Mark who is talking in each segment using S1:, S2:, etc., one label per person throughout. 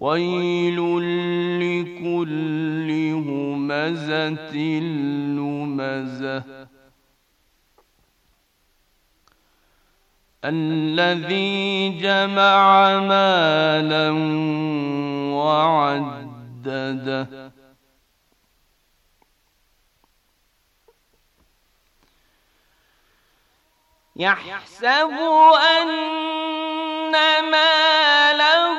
S1: ويل لكل همزة لمزة الذي جمع مالا وعدده يحسب أن ماله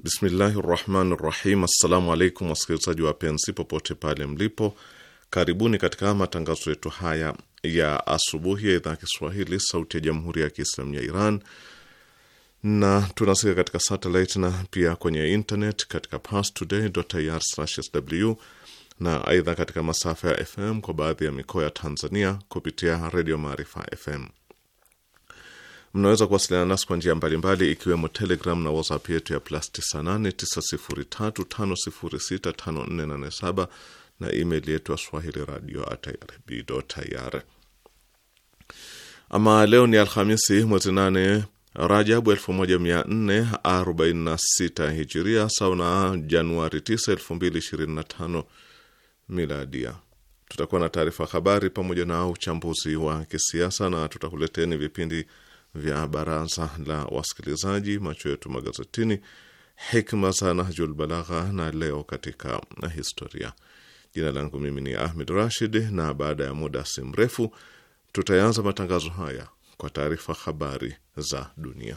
S2: Bismillahi rahmani rahim. Assalamu alaikum wasikilizaji wapenzi popote pale mlipo, karibuni katika matangazo yetu haya ya asubuhi ya idhaa ya Kiswahili sauti ya jamhuri ya Kiislamu ya Iran, na tunasikika katika satellite na pia kwenye internet katika parstoday.ir/sw na aidha katika masafa ya FM kwa baadhi ya mikoa ya Tanzania kupitia redio Maarifa FM. Mnaweza kuwasiliana nasi kwa njia mbalimbali, ikiwemo Telegram na WhatsApp yetu ya plus 989035065487 na email yetu ya swahili radio irib. Ama leo ni Alhamisi mwezi nane Rajabu 1446 hijiria sawa na Januari 9, 2025 miladia. Tutakuwa na taarifa habari pamoja na uchambuzi wa kisiasa na tutakuleteni vipindi vya baraza la wasikilizaji, macho yetu magazetini, hikma za Nahjul Balagha na leo katika historia. Jina langu mimi ni Ahmed Rashid, na baada ya muda si mrefu tutaanza matangazo haya kwa taarifa habari za dunia.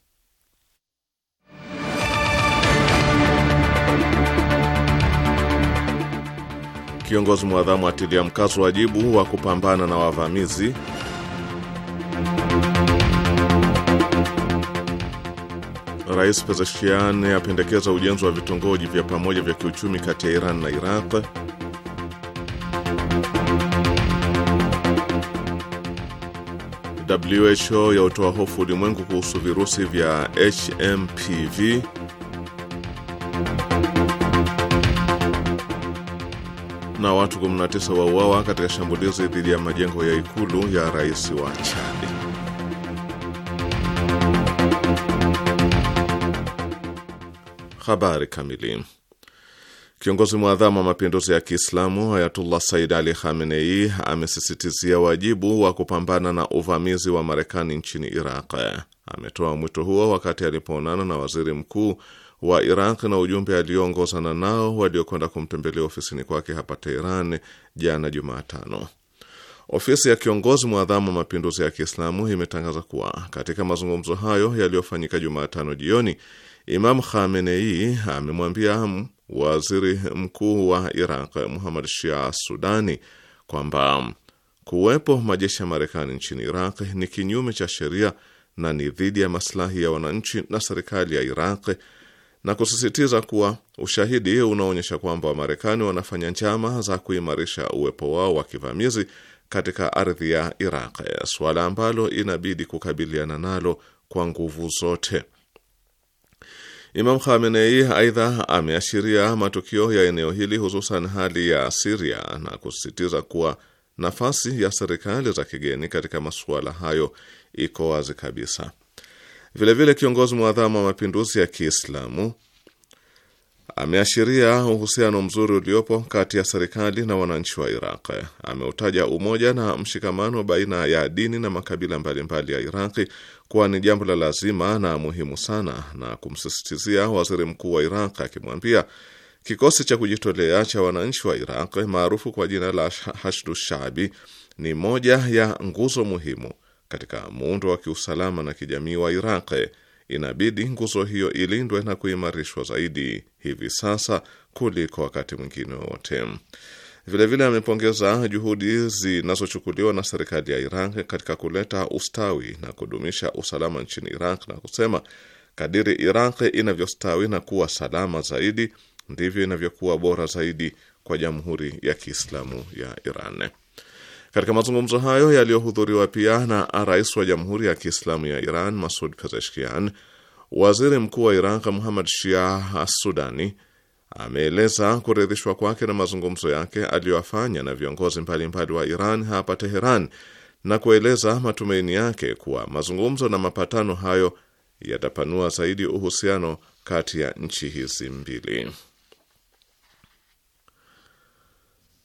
S2: Kiongozi mwadhamu atilia mkazo wajibu wa kupambana na wavamizi. Rais Pezeshkian apendekeza ujenzi wa vitongoji vya pamoja vya kiuchumi kati ya Iran na Iraq. WHO yautoa hofu ulimwengu kuhusu virusi vya HMPV. na watu 19 wauawa katika shambulizi dhidi ya majengo ya ikulu ya rais wa Chadi. Habari kamili. Kiongozi mwadhamu wa mapinduzi ya Kiislamu Ayatullah Said Ali Khamenei amesisitizia wajibu wa kupambana na uvamizi wa Marekani nchini Iraq. Ametoa mwito huo wakati alipoonana na waziri mkuu wa Iraq na ujumbe aliyoongozana nao waliokwenda kumtembelea ofisini kwake hapa Teheran jana Jumatano. Ofisi ya kiongozi mwadhamu wa mapinduzi ya Kiislamu imetangaza kuwa katika mazungumzo hayo yaliyofanyika Jumatano jioni, Imam Khamenei amemwambia waziri mkuu wa Iraq Muhammad Shia Sudani kwamba kuwepo majeshi ya Marekani nchini Iraq ni kinyume cha sheria na ni dhidi ya maslahi ya wananchi na serikali ya Iraq na kusisitiza kuwa ushahidi unaonyesha kwamba Wamarekani wanafanya njama za kuimarisha uwepo wao wa kivamizi katika ardhi ya Iraq, suala ambalo inabidi kukabiliana nalo kwa nguvu zote. Imam Khamenei aidha ameashiria matukio ya eneo hili, hususan hali ya Siria na kusisitiza kuwa nafasi ya serikali za kigeni katika masuala hayo iko wazi kabisa. Vilevile kiongozi mwadhamu wa mapinduzi ya Kiislamu ameashiria uhusiano mzuri uliopo kati ya serikali na wananchi wa Iraq. Ameutaja umoja na mshikamano baina ya dini na makabila mbalimbali mbali ya Iraqi kuwa ni jambo la lazima na muhimu sana, na kumsisitizia waziri mkuu wa Iraq akimwambia kikosi cha kujitolea cha wananchi wa Iraq maarufu kwa jina la Hashdu Shabi ni moja ya nguzo muhimu katika muundo wa kiusalama na kijamii wa Iraq, inabidi nguzo hiyo ilindwe na kuimarishwa zaidi hivi sasa kuliko wakati mwingine wowote. Vilevile amepongeza juhudi zinazochukuliwa na serikali ya Iraq katika kuleta ustawi na kudumisha usalama nchini Iraq na kusema kadiri Iraq inavyostawi na kuwa salama zaidi ndivyo inavyokuwa bora zaidi kwa Jamhuri ya Kiislamu ya Iran. Katika mazungumzo hayo yaliyohudhuriwa pia na rais wa Jamhuri ya Kiislamu ya Iran Masud Pezeshkian, waziri mkuu wa Iraq Muhammad Shia Assudani ameeleza kuridhishwa kwake na mazungumzo yake aliyoafanya na viongozi mbalimbali wa Iran hapa Teheran na kueleza matumaini yake kuwa mazungumzo na mapatano hayo yatapanua zaidi uhusiano kati ya nchi hizi mbili.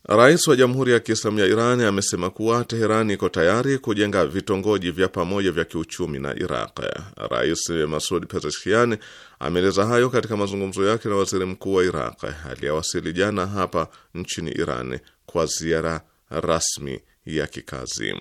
S2: Rais wa Jamhuri ya Kiislamu ya Iran amesema kuwa Teherani iko tayari kujenga vitongoji vya pamoja vya kiuchumi na Iraq. Rais Masud Pezeshkian ameeleza hayo katika mazungumzo yake na waziri mkuu wa Iraq aliyewasili jana hapa nchini Iran kwa ziara rasmi ya kikazi.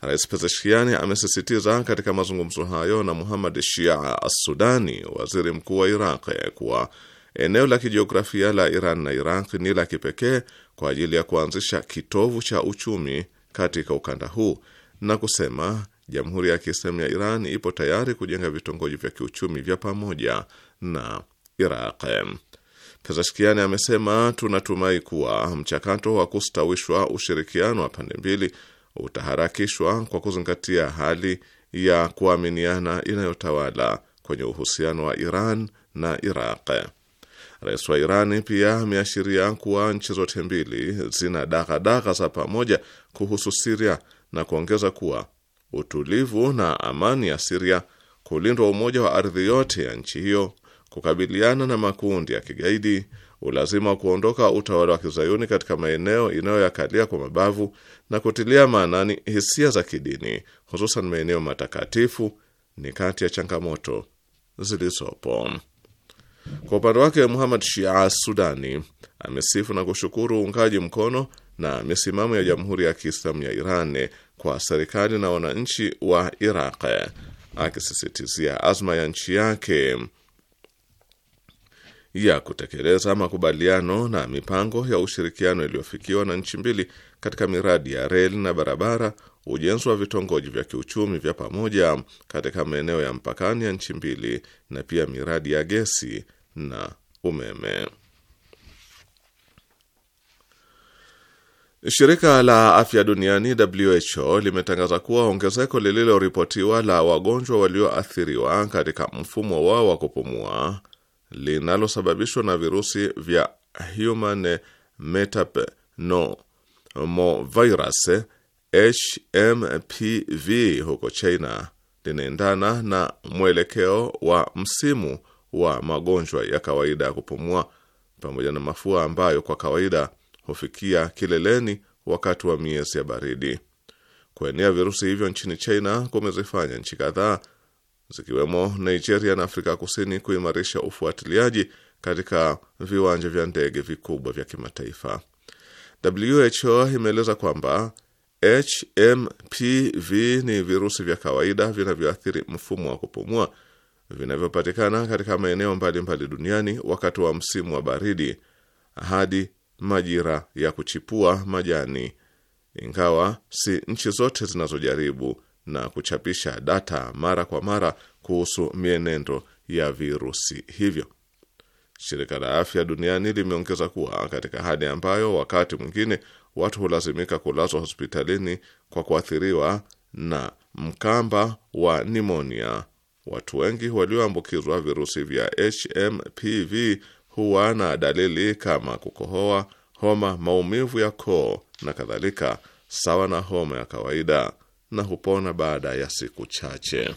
S2: Rais Pezeshkian amesisitiza katika mazungumzo hayo na Muhammad Shia Assudani, waziri mkuu wa Iraq, kuwa eneo la kijiografia la Iran na Iraq ni la kipekee kwa ajili ya kuanzisha kitovu cha uchumi katika ukanda huu na kusema Jamhuri ya Kiislamu ya Iran ipo tayari kujenga vitongoji vya kiuchumi vya pamoja na Iraq. Pezeshkiani amesema tunatumai kuwa mchakato wa kustawishwa ushirikiano wa pande mbili utaharakishwa kwa kuzingatia hali ya kuaminiana inayotawala kwenye uhusiano wa Iran na Iraq. Rais wa Irani pia ameashiria kuwa nchi zote mbili zina daghadagha za pamoja kuhusu Siria na kuongeza kuwa utulivu na amani ya Siria, kulindwa umoja wa ardhi yote ya nchi hiyo, kukabiliana na makundi ya kigaidi, ulazima wa kuondoka utawala wa kizayuni katika maeneo inayoyakalia kwa mabavu na kutilia maanani hisia za kidini, hususan maeneo matakatifu, ni kati ya changamoto zilizopo. Kwa upande wake Muhammad Shia Sudani amesifu na kushukuru uungaji mkono na misimamo ya Jamhuri ya Kiislamu ya Iran kwa serikali na wananchi wa Iraq, akisisitizia azma ya nchi yake ya kutekeleza makubaliano na mipango ya ushirikiano iliyofikiwa na nchi mbili katika miradi ya reli na barabara ujenzi wa vitongoji vya kiuchumi vya pamoja katika maeneo ya mpakani ya nchi mbili na pia miradi ya gesi na umeme. Shirika la afya duniani WHO limetangaza kuwa ongezeko lililoripotiwa la wagonjwa walioathiriwa katika mfumo wao wa kupumua linalosababishwa na virusi vya human metapneumovirus HMPV huko China linaendana na mwelekeo wa msimu wa magonjwa ya kawaida ya kupumua pamoja na mafua ambayo kwa kawaida hufikia kileleni wakati wa miezi ya baridi. Kuenea virusi hivyo nchini China kumezifanya nchi kadhaa zikiwemo Nigeria na Afrika Kusini kuimarisha ufuatiliaji katika viwanja vya ndege vikubwa vya kimataifa. WHO imeeleza kwamba HMPV ni virusi vya kawaida vinavyoathiri mfumo wa kupumua vinavyopatikana katika maeneo mbalimbali duniani wakati wa msimu wa baridi hadi majira ya kuchipua majani, ingawa si nchi zote zinazojaribu na kuchapisha data mara kwa mara kuhusu mienendo ya virusi hivyo. Shirika la Afya Duniani limeongeza kuwa katika hali ambayo wakati mwingine watu hulazimika kulazwa hospitalini kwa kuathiriwa na mkamba wa nimonia. Watu wengi walioambukizwa virusi vya HMPV huwa na dalili kama kukohoa, homa, maumivu ya koo na kadhalika, sawa na homa ya kawaida na hupona baada ya siku chache.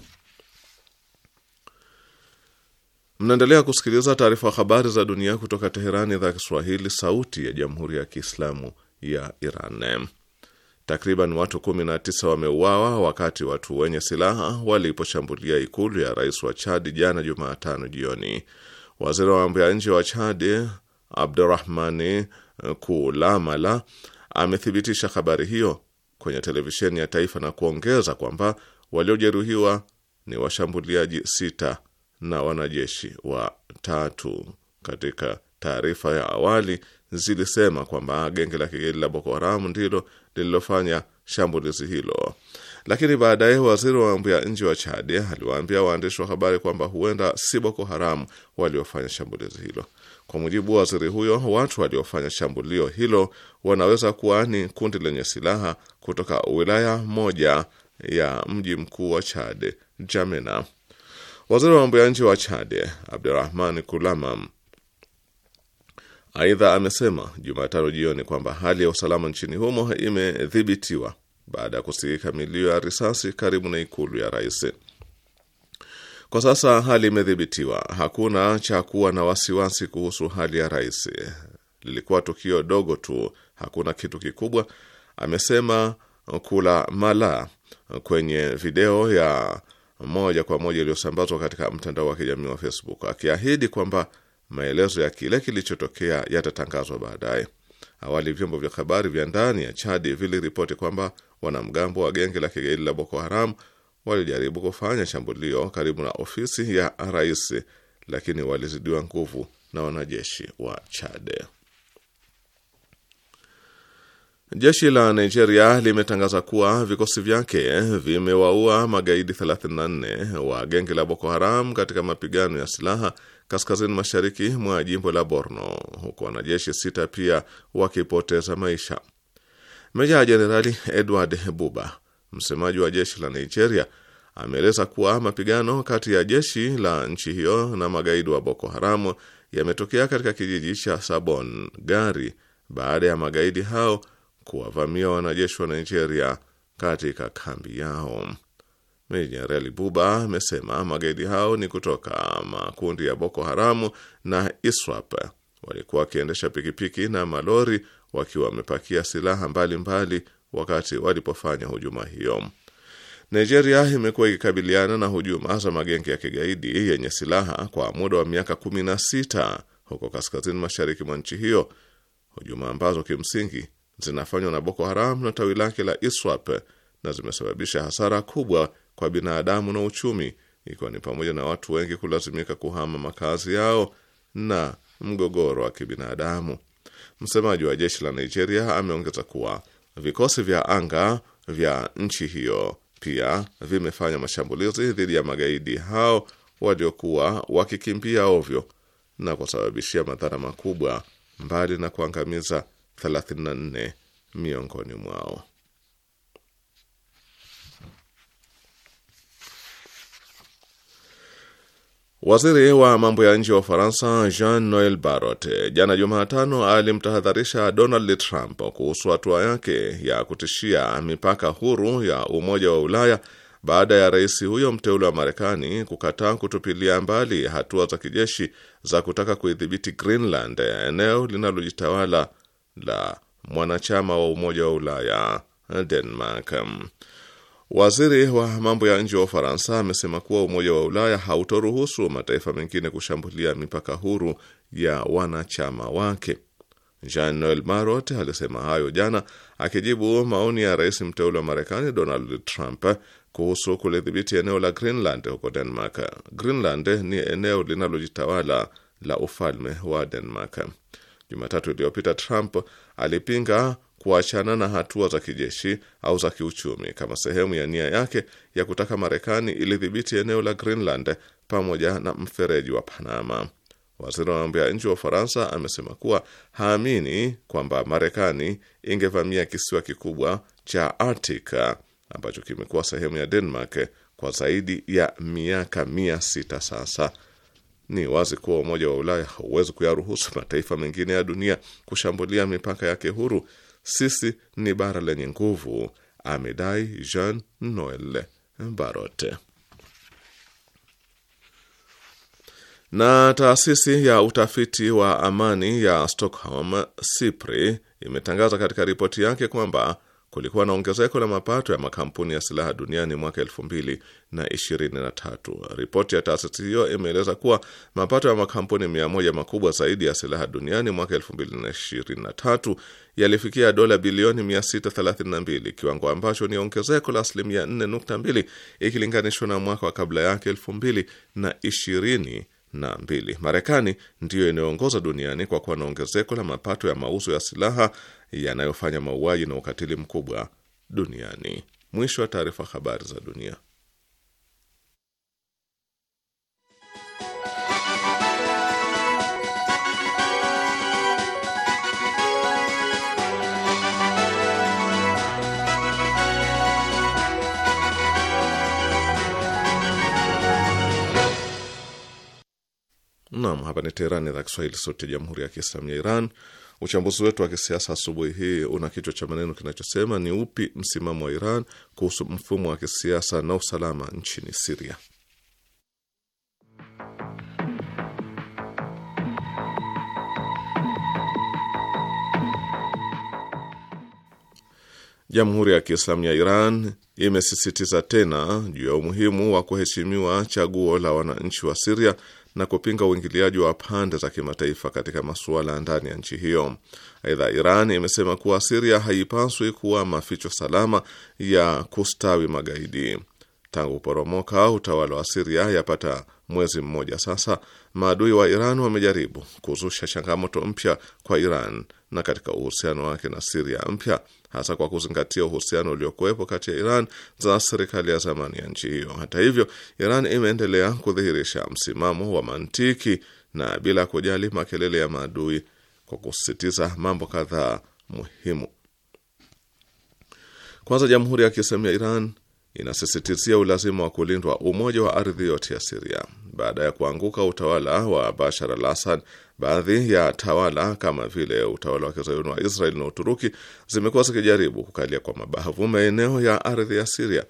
S2: Mnaendelea kusikiliza taarifa habari za dunia kutoka Teherani, idhaa Kiswahili, sauti ya jamhuri ya kiislamu ya Iran. Takriban watu 19 wameuawa wakati watu wenye silaha waliposhambulia ikulu ya rais wa Chad jana Jumatano jioni. Waziri wa mambo ya nje wa Chad Abdurahmani Kulamala amethibitisha habari hiyo kwenye televisheni ya taifa na kuongeza kwamba waliojeruhiwa ni washambuliaji sita na wanajeshi watatu. Katika taarifa ya awali zilisema kwamba genge la kigeli la Boko Haram ndilo lililofanya shambulizi hilo, lakini baadaye waziri wa mambo ya nje wa Chad aliwaambia waandishi wa habari kwamba huenda si Boko Haram waliofanya shambulizi hilo. Kwa mujibu wa waziri huyo, watu waliofanya shambulio hilo wanaweza kuwa ni kundi lenye silaha kutoka wilaya moja ya mji mkuu wa Chad, Jamena. Waziri wa mambo ya nje wa Chad Abdurahman Kulamam Aidha, amesema Jumatano jioni kwamba hali ya usalama nchini humo imedhibitiwa baada ya kusikika milio ya risasi karibu na ikulu ya rais. Kwa sasa hali imedhibitiwa, hakuna cha kuwa na wasiwasi kuhusu hali ya rais. Lilikuwa tukio dogo tu, hakuna kitu kikubwa, amesema Kula Mala kwenye video ya moja kwa moja iliyosambazwa katika mtandao wa kijamii wa Facebook, akiahidi kwamba Maelezo ya kile kilichotokea yatatangazwa baadaye. Awali vyombo vya habari vya ndani ya Chadi viliripoti kwamba wanamgambo wa genge la kigaidi la Boko Haram walijaribu kufanya shambulio karibu na ofisi ya rais, lakini walizidiwa nguvu na wanajeshi wa Chad. Jeshi la Nigeria limetangaza kuwa vikosi vyake vimewaua magaidi 34 wa genge la Boko Haram katika mapigano ya silaha kaskazini mashariki mwa jimbo la Borno, huku wanajeshi sita pia wakipoteza maisha. Meja Jenerali Edward Buba, msemaji wa jeshi la Nigeria, ameeleza kuwa mapigano kati ya jeshi la nchi hiyo na magaidi wa Boko Haramu yametokea katika kijiji cha Sabon Gari baada ya magaidi hao kuwavamia wanajeshi wa Nigeria katika kambi yao. Jenerali Buba amesema magaidi hao ni kutoka makundi ya Boko Haramu na ISWAP. Walikuwa wakiendesha pikipiki na malori wakiwa wamepakia silaha mbalimbali mbali wakati walipofanya hujuma hiyo. Nigeria imekuwa ikikabiliana na hujuma za magenge ya kigaidi yenye silaha kwa muda wa miaka 16 huko kaskazini mashariki mwa nchi hiyo, hujuma ambazo kimsingi zinafanywa na Boko Haram na tawi lake la ISWAP na zimesababisha hasara kubwa kwa binadamu na uchumi, ikiwa ni pamoja na watu wengi kulazimika kuhama makazi yao na mgogoro wa kibinadamu. Msemaji wa jeshi la Nigeria ameongeza kuwa vikosi vya anga vya nchi hiyo pia vimefanya mashambulizi dhidi ya magaidi hao waliokuwa wakikimbia ovyo na kusababishia madhara makubwa, mbali na kuangamiza 34 miongoni mwao. Waziri wa mambo ya nje wa Ufaransa Jean Noel Barrot jana Jumatano alimtahadharisha Donald Trump kuhusu hatua yake ya kutishia mipaka huru ya Umoja wa Ulaya baada ya rais huyo mteule wa Marekani kukataa kutupilia mbali hatua za kijeshi za kutaka kuidhibiti Greenland, eneo linalojitawala la mwanachama wa Umoja wa Ulaya Denmark. Waziri wa mambo ya nje wa Ufaransa amesema kuwa Umoja wa Ulaya hautoruhusu mataifa mengine kushambulia mipaka huru ya wanachama wake. Jean Noel Marot alisema hayo jana akijibu maoni ya rais mteule wa Marekani Donald Trump kuhusu kulidhibiti eneo la Greenland huko Denmark. Greenland ni eneo linalojitawala la ufalme wa Denmark. Jumatatu iliyopita Trump alipinga kuachana na hatua za kijeshi au za kiuchumi kama sehemu ya nia yake ya kutaka Marekani ilidhibiti eneo la Greenland pamoja na mfereji wa Panama. Waziri wa mambo ya nje wa Ufaransa amesema kuwa haamini kwamba Marekani ingevamia kisiwa kikubwa cha artic ambacho kimekuwa sehemu ya Denmark kwa zaidi ya miaka mia sita sasa. Ni wazi kuwa Umoja wa Ulaya hauwezi kuyaruhusu mataifa mengine ya dunia kushambulia mipaka yake huru sisi ni bara lenye nguvu, amedai Jean Noel Barrot. Na taasisi ya utafiti wa amani ya Stockholm SIPRI imetangaza katika ripoti yake kwamba kulikuwa na ongezeko la mapato ya makampuni ya silaha duniani mwaka tatu. Ripoti ya taasisi hiyo imeeleza kuwa mapato ya makampuni moja makubwa zaidi ya silaha duniani mwaka tatu yalifikia dola bilioni 632, kiwango ambacho ni ongezeko la asilimia 4.2 ikilinganishwa na mwaka wa kabla yake 2020 na mbili. Marekani ndiyo inayoongoza duniani kwa kuwa na ongezeko la mapato ya mauzo ya silaha yanayofanya mauaji na ukatili mkubwa duniani. Mwisho wa taarifa. Habari za dunia. Naam, hapa ni Teherani, idhaa Kiswahili, sauti ya jamhuri ya kiislamu ya Iran. Uchambuzi wetu wa kisiasa asubuhi hii una kichwa cha maneno kinachosema ni upi msimamo wa Iran kuhusu mfumo wa kisiasa na usalama nchini Siria. Jamhuri ya Kiislamu ya Iran imesisitiza tena juu ya umuhimu wa kuheshimiwa chaguo la wananchi wa Siria na kupinga uingiliaji wa pande za kimataifa katika masuala ya ndani ya nchi hiyo. Aidha, Iran imesema kuwa Siria haipaswi kuwa maficho salama ya kustawi magaidi. Tangu kuporomoka utawala wa Siria yapata mwezi mmoja sasa, maadui wa Iran wamejaribu kuzusha changamoto mpya kwa Iran na katika uhusiano wake na Siria mpya hasa kwa kuzingatia uhusiano uliokuwepo kati ya Iran za serikali ya zamani ya nchi hiyo. Hata hivyo, Iran imeendelea kudhihirisha msimamo wa mantiki na bila kujali makelele ya maadui kwa kusisitiza mambo kadhaa muhimu. Kwanza, Jamhuri ya Kiislamu ya Iran inasisitizia ulazima wa kulindwa umoja wa ardhi yote ya Siria. Baada ya kuanguka utawala wa Bashar al Assad, baadhi ya tawala kama vile utawala wa kizayuni wa Israel na Uturuki zimekuwa zikijaribu kukalia kwa mabavu maeneo ya ardhi ya Siria.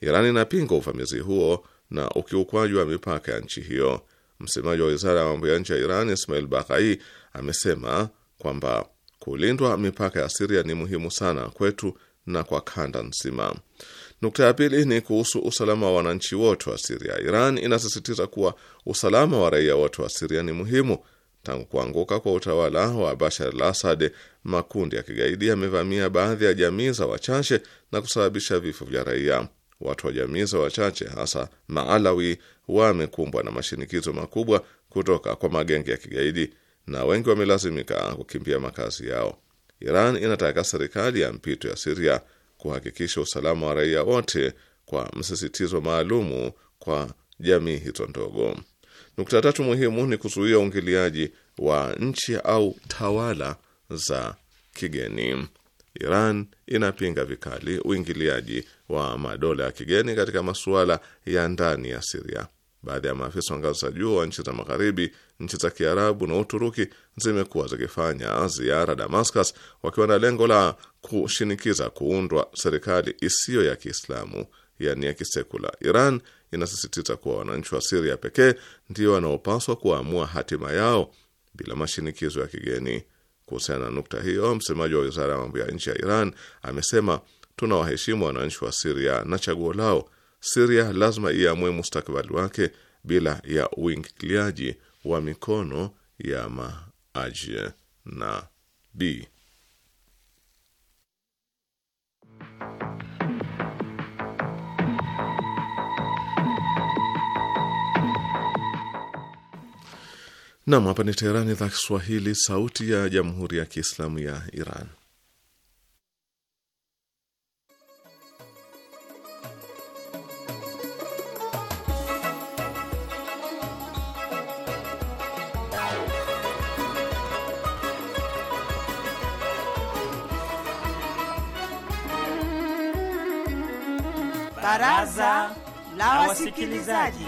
S2: Iran inapinga uvamizi huo na ukiukwaji wa mipaka ya nchi hiyo. Msemaji wa wizara ya mambo ya nje ya Iran, Ismail Bakai, amesema kwamba kulindwa mipaka ya Siria ni muhimu sana kwetu na kwa kanda nzima. Nukta ya pili ni kuhusu usalama wa wananchi wote wa Siria. Iran inasisitiza kuwa usalama wa raia wote wa Siria ni muhimu. Tangu kuanguka kwa utawala wa Bashar al Assad, makundi ya kigaidi yamevamia baadhi ya jamii za wachache na kusababisha vifo vya raia. Watu wa jamii za wachache, hasa Maalawi, wamekumbwa na mashinikizo makubwa kutoka kwa magenge ya kigaidi na wengi wamelazimika kukimbia makazi yao. Iran inataka serikali ya mpito ya Siria kuhakikisha usalama wa raia wote kwa msisitizo maalumu kwa jamii hizo ndogo. Nukta tatu muhimu ni kuzuia uingiliaji wa nchi au tawala za kigeni. Iran inapinga vikali uingiliaji wa madola ya kigeni katika masuala ya ndani ya Siria baadhi ya maafisa wa ngazi za juu wa nchi za Magharibi, nchi za Kiarabu na Uturuki zimekuwa zikifanya ziara Damascus wakiwa na lengo la kushinikiza kuundwa serikali isiyo ya Kiislamu, yani ya kisekula. Iran inasisitiza kuwa wananchi wa Siria pekee ndio wanaopaswa kuamua hatima yao bila mashinikizo ya kigeni. Kuhusiana na nukta hiyo, msemaji wa wizara ya mambo ya nchi ya Iran amesema tunawaheshimu wananchi wa Siria na chaguo lao Siria lazima iamue mustakabali wake bila ya uingiliaji wa mikono ya maajnabi. Nam, hapa ni Teherani, idhaa Kiswahili, sauti ya jamhuri ya kiislamu ya Iran.
S3: msikilizaji.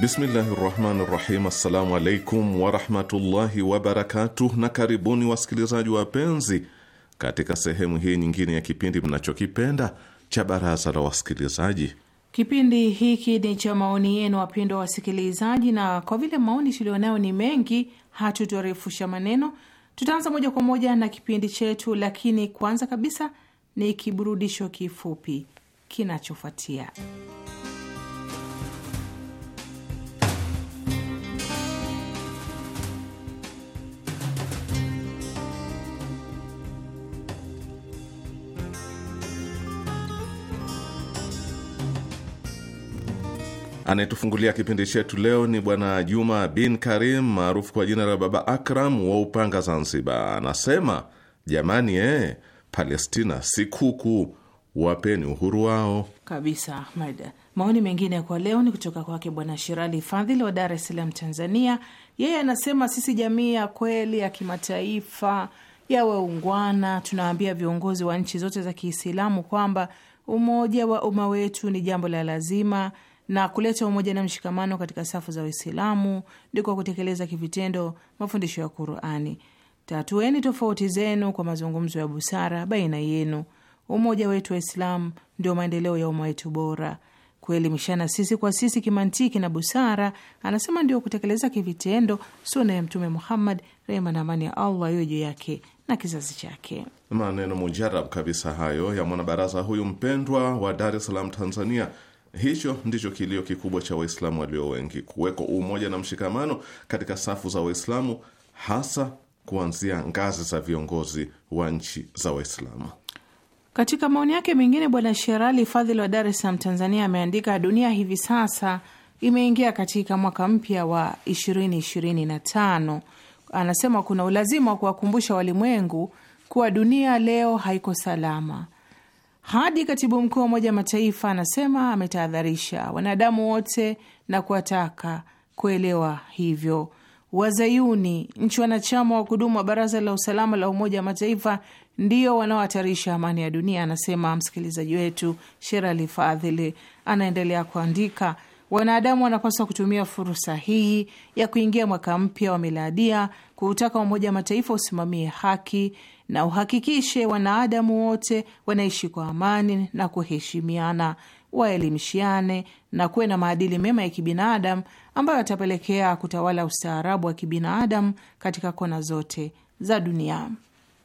S2: Bismillahi rahmani rahim. Assalamu alaikum warahmatullahi wabarakatuh, na karibuni wasikilizaji wapenzi katika sehemu hii nyingine ya kipindi mnachokipenda cha baraza la wasikilizaji.
S3: Kipindi hiki ni cha maoni yenu, wapendwa wasikilizaji, na kwa vile maoni tulionayo ni mengi, hatutorefusha maneno Tutaanza moja kwa moja na kipindi chetu, lakini kwanza kabisa ni kiburudisho kifupi kinachofuatia.
S2: Anayetufungulia kipindi chetu leo ni Bwana Juma bin Karim maarufu kwa jina la Baba Akram wa Upanga, Zanzibar. Anasema jamani, eh, Palestina si kuku, wapeni uhuru wao
S3: kabisa. Ahmed, maoni mengine kwa leo ni kutoka kwake Bwana Shirali Fadhili wa Dar es Salaam, Tanzania. Yeye anasema sisi jamii ya kweli ya kimataifa ya waungwana tunawaambia viongozi wa nchi zote za Kiislamu kwamba umoja wa umma wetu ni jambo la lazima na kuleta umoja na mshikamano katika safu za Waislamu ni kwa kutekeleza kivitendo mafundisho ya Qurani. Tatueni tofauti zenu kwa mazungumzo ya busara baina yenu. Umoja wetu Waislamu ndio maendeleo ya umma wetu bora. Kuelimishana sisi kwa sisi kimantiki na busara, anasema ndio kutekeleza kivitendo suna ya Mtume Muhammad, rehma na amani ya Allah iwe juu yake na kizazi chake.
S2: Maneno mujarab kabisa hayo ya mwanabaraza huyu mpendwa wa Dar es Salaam, Tanzania Hicho ndicho kilio kikubwa cha Waislamu walio wengi, kuweko umoja na mshikamano katika safu za Waislamu, hasa kuanzia ngazi za viongozi wa nchi za Waislamu.
S3: Katika maoni yake mengine, Bwana Sherali Fadhili wa Dar es Salaam, Tanzania, ameandika dunia hivi sasa imeingia katika mwaka mpya wa 2025. Anasema kuna ulazima wa kuwakumbusha walimwengu kuwa dunia leo haiko salama hadi katibu mkuu wa Umoja wa Mataifa anasema ametahadharisha wanadamu wote na kuwataka kuelewa hivyo. Wazayuni, nchi wanachama wa kudumu wa Baraza la Usalama la Umoja wa Mataifa, ndio wanaohatarisha amani ya dunia, anasema msikilizaji wetu Sherali Fadhili. Anaendelea kuandika, wanadamu wanapaswa kutumia fursa hii ya kuingia mwaka mpya wa miladia kuutaka Umoja wa Mataifa usimamie haki na uhakikishe wanaadamu wote wanaishi kwa amani na kuheshimiana, waelimishiane na kuwe na maadili mema ya kibinadamu ambayo yatapelekea kutawala ustaarabu wa kibinadamu katika kona zote za dunia.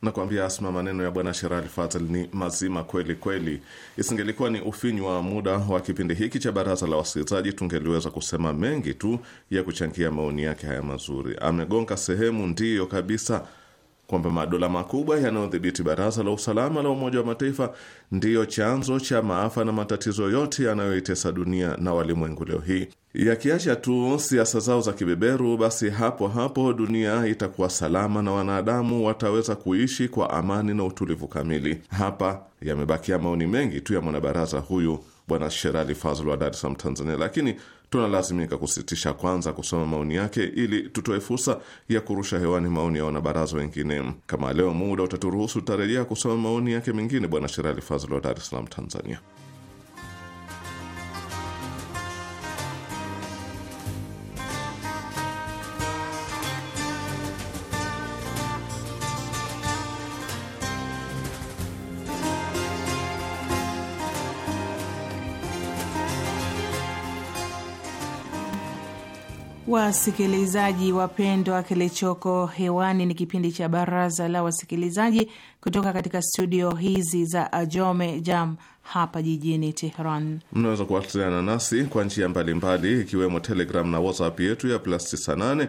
S2: Nakwambia Asma, maneno ya Bwana Sherali Fatal ni mazima kweli kweli. Isingelikuwa ni ufinyu wa muda wa kipindi hiki cha Baraza la Wasikilizaji, tungeliweza kusema mengi tu ya kuchangia maoni yake haya mazuri. Amegonga sehemu ndiyo kabisa kwamba madola makubwa yanayodhibiti Baraza la Usalama la Umoja wa Mataifa ndiyo chanzo cha maafa na matatizo yote yanayoitesa dunia na walimwengu leo hii. Yakiacha tu siasa zao za kibeberu, basi hapo hapo dunia itakuwa salama na wanadamu wataweza kuishi kwa amani na utulivu kamili. Hapa yamebakia maoni mengi tu ya mwanabaraza huyu Bwana Sherali Fazl wa Dar es Salaam, Tanzania, lakini tunalazimika kusitisha kwanza kusoma maoni yake ili tutoe fursa ya kurusha hewani maoni ya wanabaraza wengine. Kama leo muda utaturuhusu, tutarejea kusoma maoni yake mengine. Bwana Sherali Fazl wa Dar es Salaam, Tanzania.
S3: Wasikilizaji wapendwa, kilichoko hewani ni kipindi cha Baraza la Wasikilizaji kutoka katika studio hizi za Ajome Jam hapa jijini Tehran.
S2: Mnaweza kuwasiliana nasi kwa njia mbalimbali, ikiwemo Telegram na WhatsApp yetu ya plus 98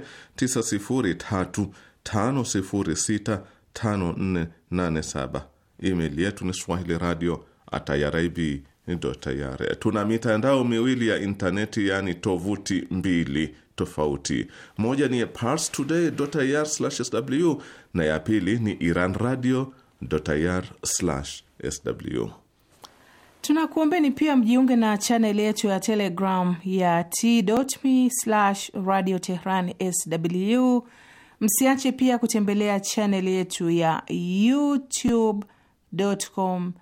S2: 9035065487. Email yetu ni swahili radio at irib ndo tayari tuna mitandao miwili ya intaneti, yaani tovuti mbili tofauti. Moja ni parstoday.ir/sw na ya pili ni iranradio.ir/sw.
S3: Tunakuombeni pia mjiunge na chaneli yetu ya Telegram ya t.me/radio tehran sw. Msiache pia kutembelea chaneli yetu ya youtube.com/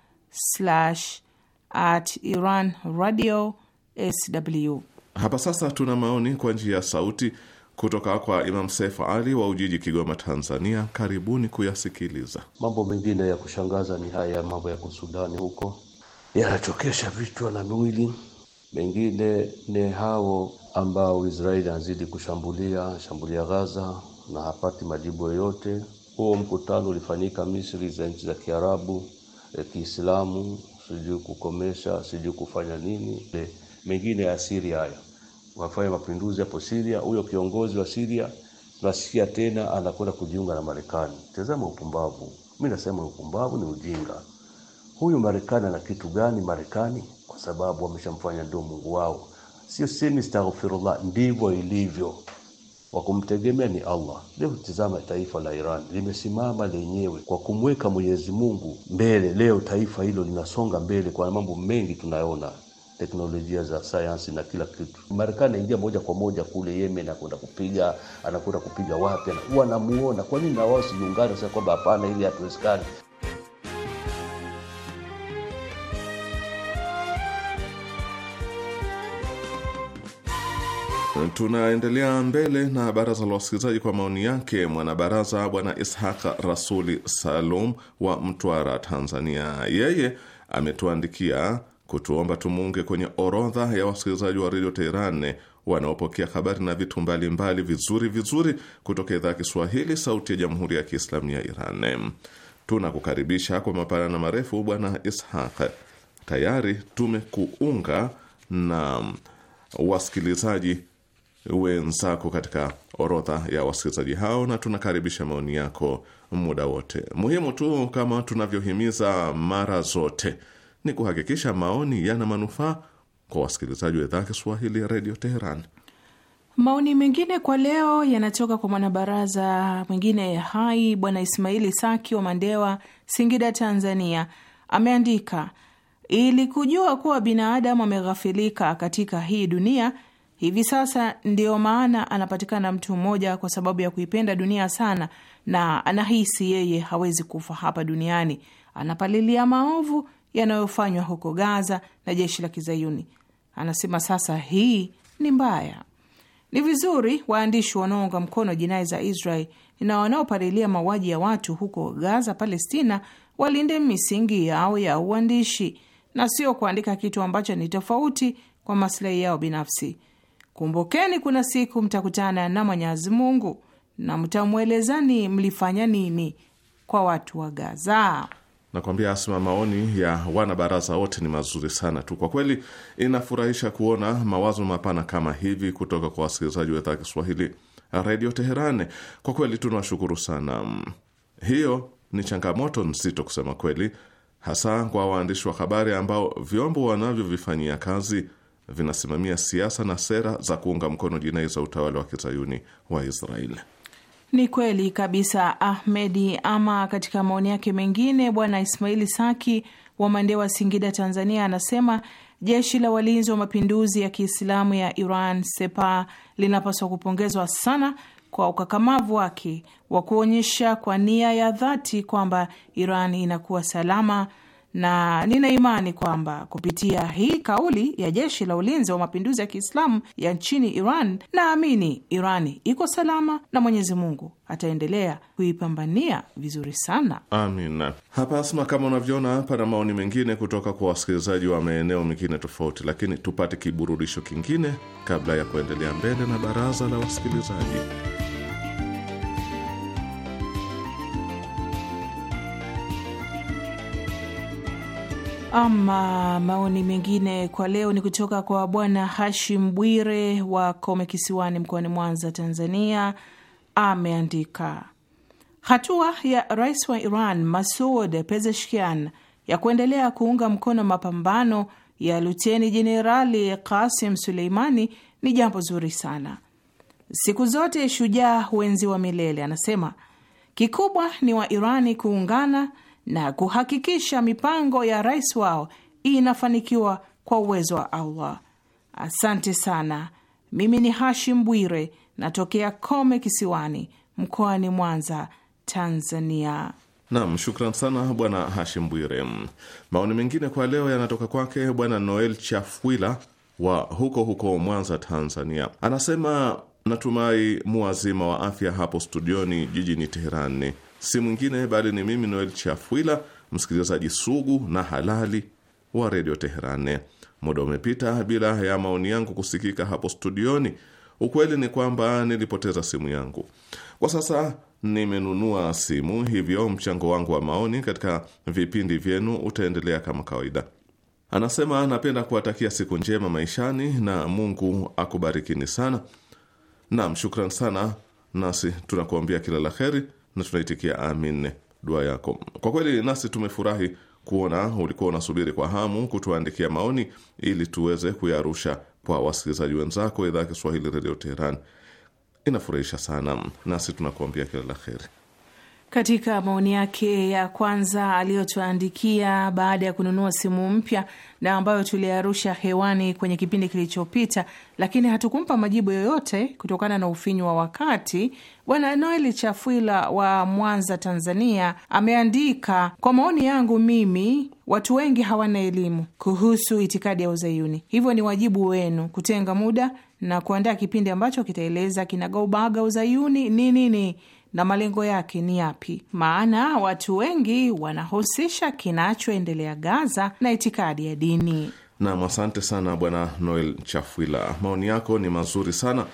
S3: at Iran radio sw.
S2: Hapa sasa tuna maoni kwa njia ya sauti kutoka kwa Imam Seif Ali wa Ujiji, Kigoma, Tanzania. Karibuni kuyasikiliza. Mambo mengine
S4: ya kushangaza ni haya mambo ya Sudani huko yanachokesha vichwa na miwili Mengine ni hao ambao Israeli anazidi kushambulia shambulia Gaza na hapati majibu yoyote. Huo mkutano ulifanyika Misri za nchi za Kiarabu, eh, Kiislamu sijui kukomesha, sijui kufanya nini. E, mengine ya Syria haya, wafanya mapinduzi hapo Syria, huyo kiongozi wa Syria tunasikia tena anakwenda kujiunga na Marekani. Tazama upumbavu, mimi nasema upumbavu ni ujinga. Huyu Marekani ana kitu gani Marekani? Kwa sababu wameshamfanya ndio Mungu wao. Sio semi, staghfirullah ndivyo ilivyo wa kumtegemea ni Allah. Leo tizama taifa la Iran limesimama lenyewe kwa kumweka Mwenyezi Mungu mbele. Leo taifa hilo linasonga mbele kwa mambo mengi tunayoona teknolojia za sayansi na kila kitu. Marekani aingia moja kwa moja kule Yemen, anakwenda kupiga anakwenda kupiga wapi, huwa anamuona. Kwa nini na wao sijiungane sasa, kwamba hapana, ili hatuwezekani?
S2: Tunaendelea mbele na baraza la wasikilizaji kwa maoni yake mwanabaraza Bwana Ishaq Rasuli Salum wa Mtwara, Tanzania. Yeye ametuandikia kutuomba tumuunge kwenye orodha ya wasikilizaji wa redio Teheran wanaopokea habari na vitu mbalimbali mbali vizuri vizuri kutoka idhaa ya Kiswahili, sauti ya jamhuri ya kiislamu ya Iran. Tunakukaribisha kwa mapana na marefu, Bwana Ishaq. Tayari tumekuunga na wasikilizaji wenzako katika orodha ya wasikilizaji hao, na tunakaribisha maoni yako muda wote. Muhimu tu kama tunavyohimiza mara zote ni kuhakikisha maoni yana manufaa kwa wasikilizaji wa idhaa Kiswahili ya Redio Teheran.
S3: Maoni mengine kwa leo yanatoka kwa mwanabaraza mwingine hai, Bwana Ismaili Saki wa Mandewa, Singida, Tanzania. Ameandika, ili kujua kuwa binadamu ameghafilika katika hii dunia Hivi sasa ndiyo maana anapatikana mtu mmoja kwa sababu ya kuipenda dunia sana, na anahisi yeye hawezi kufa hapa duniani. Anapalilia maovu yanayofanywa huko Gaza na jeshi la Kizayuni. Anasema sasa hii ni mbaya. Ni vizuri waandishi wanaounga mkono jinai za Israel na wanaopalilia mauaji ya watu huko Gaza, Palestina, walinde misingi yao ya uandishi na sio kuandika kitu ambacho ni tofauti kwa maslahi yao binafsi. Kumbukeni kuna siku mtakutana na Mwenyezi Mungu na mtamwelezani mlifanya nini kwa watu wa Gaza.
S2: Nakwambia Asma, maoni ya wanabaraza wote ni mazuri sana tu kwa kweli. Inafurahisha kuona mawazo mapana kama hivi kutoka kwa wasikilizaji wa idhaa Kiswahili Redio teheran Kwa kweli tunawashukuru sana. Hiyo ni changamoto nzito kusema kweli, hasa kwa waandishi wa habari ambao vyombo wanavyovifanyia kazi vinasimamia siasa na sera za kuunga mkono jinai za utawala wa kizayuni wa
S1: Israeli.
S3: Ni kweli kabisa, Ahmedi. Ama katika maoni yake mengine, Bwana Ismaili Saki wa wa Singida, Tanzania, anasema jeshi la walinzi wa mapinduzi ya Kiislamu ya Iran Sepa linapaswa kupongezwa sana kwa ukakamavu wake wa kuonyesha kwa nia ya dhati kwamba Iran inakuwa salama na nina imani kwamba kupitia hii kauli ya jeshi la ulinzi wa mapinduzi ya Kiislamu ya nchini Iran, naamini Irani iko salama na Mwenyezi Mungu ataendelea kuipambania vizuri sana.
S2: Amin. Hapa Asma, kama unavyoona, pana maoni mengine kutoka kwa wasikilizaji wa maeneo mengine tofauti, lakini tupate kiburudisho kingine kabla ya kuendelea mbele na baraza la wasikilizaji.
S3: Ama maoni mengine kwa leo ni kutoka kwa Bwana Hashim Bwire wa Kome Kisiwani, mkoani Mwanza, Tanzania. Ameandika, hatua ya rais wa Iran Masud Pezeshkian ya kuendelea kuunga mkono mapambano ya luteni jenerali Kasim Suleimani ni jambo zuri sana. Siku zote shujaa huenziwa milele, anasema. Kikubwa ni wa Irani kuungana na kuhakikisha mipango ya rais wao inafanikiwa kwa uwezo wa Allah. Asante sana. Mimi ni Hashim Bwire, natokea Kome Kisiwani, mkoani Mwanza, Tanzania.
S2: Nam, shukran sana bwana Hashim Bwire. Maoni mengine kwa leo yanatoka kwake bwana Noel Chafwila wa huko huko Mwanza, Tanzania. Anasema, natumai muwazima wa afya hapo studioni jijini Teherani si mwingine bali ni mimi Noel Chafwila, msikilizaji sugu na halali wa redio Teherane. Muda umepita bila ya maoni yangu kusikika hapo studioni. Ukweli ni kwamba nilipoteza simu yangu. Kwa sasa nimenunua simu, hivyo mchango wangu wa maoni katika vipindi vyenu utaendelea kama kawaida. Anasema napenda kuwatakia siku njema maishani na Mungu akubarikini sana. Naam, shukran sana, nasi tunakuambia kila la heri na tunaitikia amin dua yako. Kwa kweli nasi tumefurahi kuona ulikuwa unasubiri kwa hamu kutuandikia maoni ili tuweze kuyarusha kwa wasikilizaji wenzako. Idhaa ya Kiswahili Redio Teheran inafurahisha sana, nasi tunakuambia kila la heri.
S3: Katika maoni yake ya kwanza aliyotuandikia baada ya kununua simu mpya na ambayo tuliarusha hewani kwenye kipindi kilichopita, lakini hatukumpa majibu yoyote kutokana na ufinyu wa wakati, Bwana Noeli Chafuila wa Mwanza, Tanzania, ameandika kwa maoni yangu mimi, watu wengi hawana elimu kuhusu itikadi ya Uzayuni, hivyo ni wajibu wenu kutenga muda na kuandaa kipindi ambacho kitaeleza kinagaubaga uzayuni ni nini na malengo yake ni yapi? Maana watu wengi wanahusisha kinachoendelea Gaza na itikadi ya dini.
S2: Nam, asante sana Bwana Noel Chafwila, maoni yako ni mazuri sana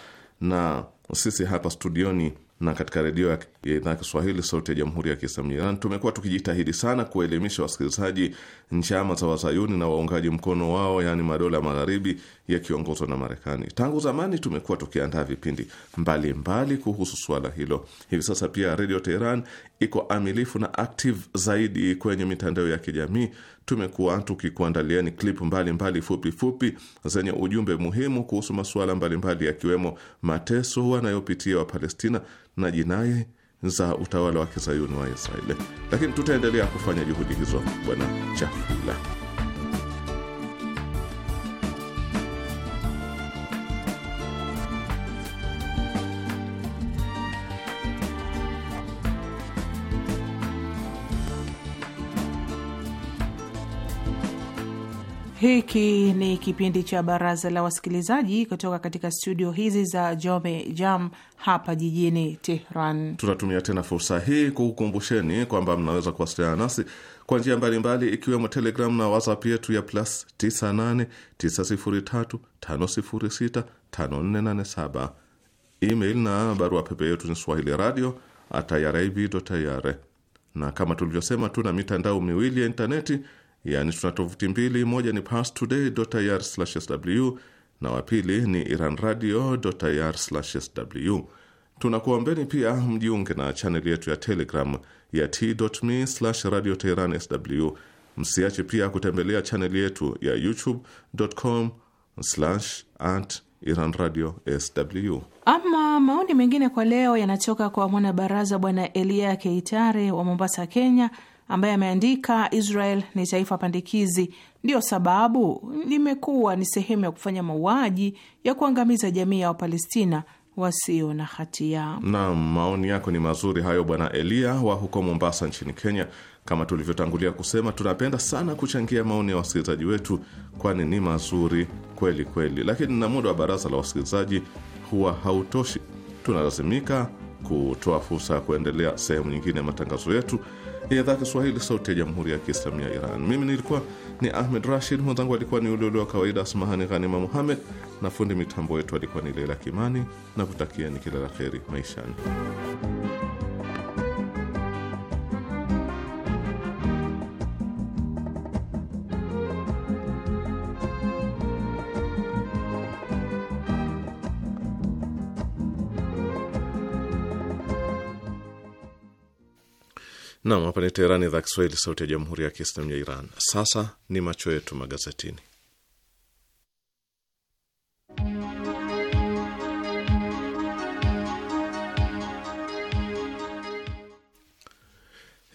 S2: na sisi hapa studioni na katika redio ya idhaa ya Kiswahili sauti ya jamhuri ya Kiislamu Iran tumekuwa tukijitahidi sana kuwaelimisha wasikilizaji njama za wazayuni na waungaji mkono wao, yaani madola magharibi yakiongozwa na Marekani. Tangu zamani tumekuwa tukiandaa vipindi mbalimbali mbali kuhusu suala hilo. Hivi sasa pia Redio Teheran iko amilifu na active zaidi kwenye mitandao ya kijamii. Tumekuwa tukikuandaliani klip mbalimbali fupifupi zenye ujumbe muhimu kuhusu masuala mbalimbali yakiwemo mateso wanayopitia Wapalestina na jinai za utawala wa kizayuni wa Israeli, lakini tutaendelea kufanya juhudi hizo, Bwana Chafula.
S3: Hiki ni kipindi cha baraza la wasikilizaji kutoka katika studio hizi za Jome Jam hapa jijini Tehran.
S2: Tunatumia tena fursa hii kukukumbusheni kwamba mnaweza kuwasiliana nasi kwa njia mbalimbali ikiwemo Telegram na WhatsApp yetu ya plus 98 Email na barua pepe yetu ni swahili radio atayaraivitayare, na kama tulivyosema, tuna mitandao miwili ya intaneti yani tuna tovuti mbili, moja ni pastoday.ir/sw na wapili ni iranradio.ir/sw. Tunakuombeni pia mjiunge na chaneli yetu ya Telegram ya t.me radio sw. Msiache pia kutembelea chaneli yetu ya youtube.com at Iran Radio SW.
S3: Ama maoni mengine kwa leo yanatoka kwa mwanabaraza Bwana Elia Keitare wa Mombasa, Kenya ambaye ameandika Israel ni taifa pandikizi, ndiyo sababu limekuwa ni sehemu ya kufanya mauaji ya kuangamiza jamii ya Wapalestina wasio na hatia.
S2: Naam, maoni yako ni mazuri hayo, Bwana Eliya wa huko Mombasa nchini Kenya. Kama tulivyotangulia kusema, tunapenda sana kuchangia maoni ya wasikilizaji wetu, kwani ni mazuri kweli kweli, lakini na muda wa baraza la wasikilizaji huwa hautoshi, tunalazimika kutoa fursa ya kuendelea sehemu nyingine ya matangazo yetu ya idhaa Kiswahili sauti ya jamhuri ya kiislamu ya Iran. Mimi nilikuwa ni Ahmed Rashid, mwenzangu alikuwa ni ule wa kawaida Asmahani Ghanima Muhammed, na fundi mitambo wetu alikuwa ni Leila Kimani, na kutakia ni kila la kheri maishani. Nam, hapa ni Teherani, idhaa Kiswahili, sauti ya jamhuri ya kiislamu ya Iran. Sasa ni macho yetu magazetini.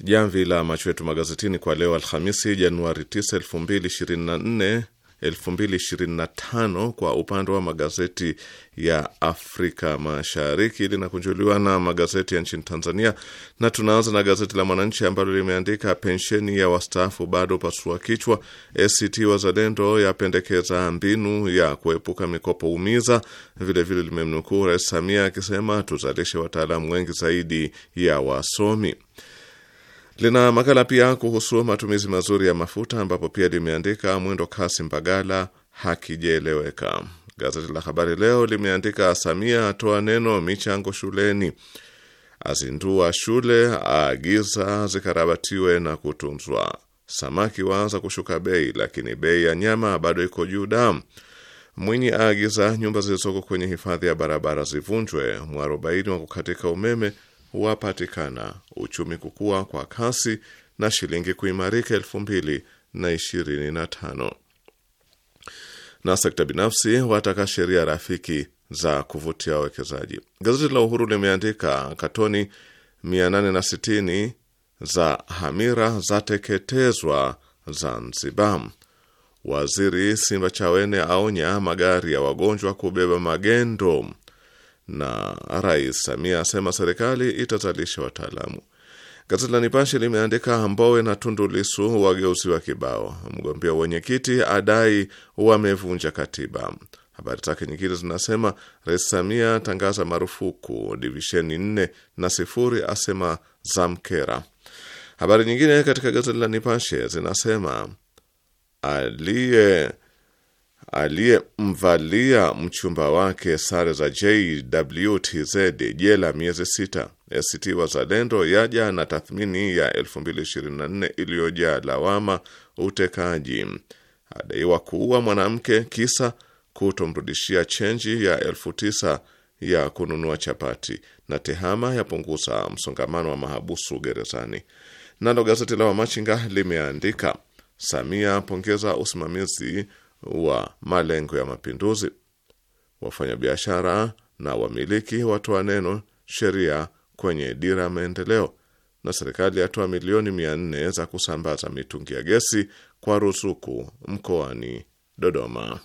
S2: Jamvi la macho yetu magazetini kwa leo Alhamisi, Januari 9, 2024 2025 kwa upande wa magazeti ya Afrika Mashariki linakunjuliwa na magazeti ya nchini Tanzania, na tunaanza na gazeti la Mwananchi ambalo limeandika pensheni ya wastaafu bado pasua kichwa, ACT Wazalendo yapendekeza mbinu ya kuepuka mikopo umiza. Vilevile limemnukuu Rais Samia akisema tuzalishe wataalamu wengi zaidi ya wasomi. Lina makala pia kuhusu matumizi mazuri ya mafuta, ambapo pia limeandika mwendo kasi Mbagala hakijaeleweka. Gazeti la Habari Leo limeandika Samia atoa neno michango shuleni, azindua shule, aagiza zikarabatiwe na kutunzwa. Samaki waanza kushuka bei, lakini bei ya nyama bado iko juu damu. Mwinyi aagiza nyumba zilizoko kwenye hifadhi ya barabara zivunjwe. Mwarobaini wa kukatika umeme wapatikana, uchumi kukua kwa kasi na shilingi kuimarika elfu mbili na ishirini na tano. Na sekta binafsi wataka sheria rafiki za kuvutia wawekezaji. Gazeti la Uhuru limeandika katoni 860 za hamira zateketezwa Zanzibar. Waziri Simba Chawene aonya magari ya wagonjwa kubeba magendo na Rais Samia asema serikali itazalisha wataalamu. Gazeti la Nipashe limeandika Mbowe na Tundu Lissu wageuziwa kibao, mgombea wenyekiti adai wamevunja katiba. Habari zake nyingine zinasema Rais Samia tangaza marufuku divisheni nne na sifuri, asema zamkera. Habari nyingine katika gazeti la Nipashe zinasema aliye aliyemvalia mchumba wake sare za JWTZ jela miezi sita. ACT Wazalendo yaja na tathmini ya 2024 iliyojaa lawama, utekaji, adaiwa kuua mwanamke kisa kutomrudishia chenji ya elfu tisa ya kununua chapati, na tehama yapunguza msongamano wa mahabusu gerezani. Nalo gazeti la Wamachinga limeandika Samia pongeza usimamizi wa malengo ya mapinduzi. Wafanyabiashara na wamiliki watoa neno sheria kwenye dira ya maendeleo, na serikali yatoa milioni mia nne za kusambaza mitungi ya gesi kwa ruzuku mkoani Dodoma.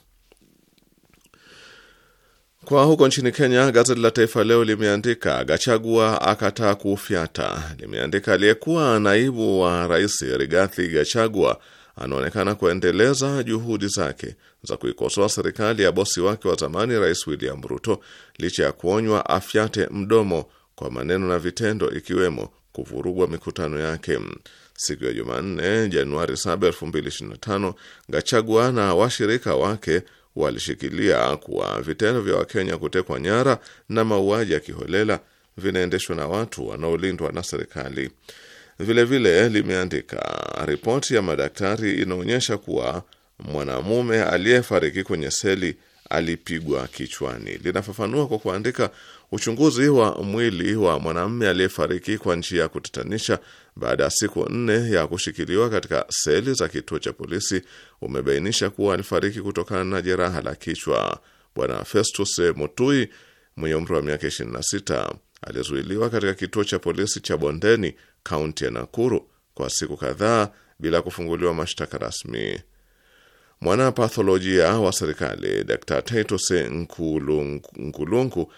S2: Kwa huko nchini Kenya, gazeti la Taifa Leo limeandika Gachagua akataa kufyata. Limeandika aliyekuwa naibu wa rais Rigathi Gachagua anaonekana kuendeleza juhudi zake za kuikosoa serikali ya bosi wake wa zamani Rais William Ruto licha ya kuonywa afyate mdomo kwa maneno na vitendo, ikiwemo kuvurugwa mikutano yake. Siku ya Jumanne, Januari 7, 2025, Gachagua na washirika wake walishikilia kuwa vitendo vya Wakenya kutekwa nyara na mauaji ya kiholela vinaendeshwa na watu wanaolindwa na serikali. Vilevile limeandika ripoti ya madaktari inaonyesha kuwa mwanamume aliyefariki kwenye seli alipigwa kichwani. Linafafanua kwa kuandika, uchunguzi wa mwili wa mwanamume aliyefariki kwa njia ya kutatanisha baada ya siku nne ya kushikiliwa katika seli za kituo cha polisi umebainisha kuwa alifariki kutokana na jeraha la kichwa. Bwana Festus Mutui mwenye umri wa miaka 26 alizuiliwa katika kituo cha polisi cha Bondeni kaunti ya Nakuru kwa siku kadhaa bila kufunguliwa mashtaka rasmi. Mwanapatholojia wa serikali Dr. Titus Nkulunku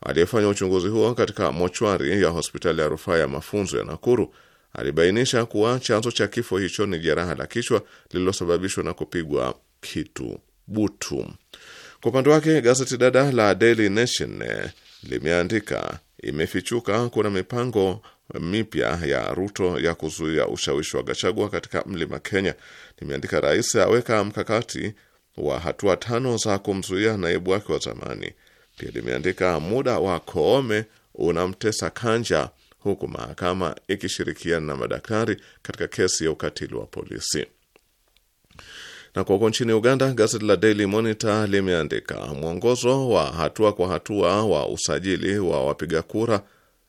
S2: aliyefanya uchunguzi huo katika mochwari ya hospitali ya rufaa ya mafunzo ya Nakuru alibainisha kuwa chanzo cha kifo hicho ni jeraha la kichwa lililosababishwa na kupigwa kitu butu. Kwa upande wake, gazeti dada la Daily Nation limeandika imefichuka kuna mipango mipya ya Ruto ya kuzuia ushawishi wa Gachagua katika mlima Kenya, limeandika rais aweka mkakati wa hatua tano za kumzuia naibu wake wa zamani. Pia limeandika muda wa Koome unamtesa Kanja, huku mahakama ikishirikiana na madaktari katika kesi ya ukatili wa polisi. Na kwa huko nchini Uganda, gazeti la Daily Monitor limeandika mwongozo wa hatua kwa hatua wa usajili wa wapiga kura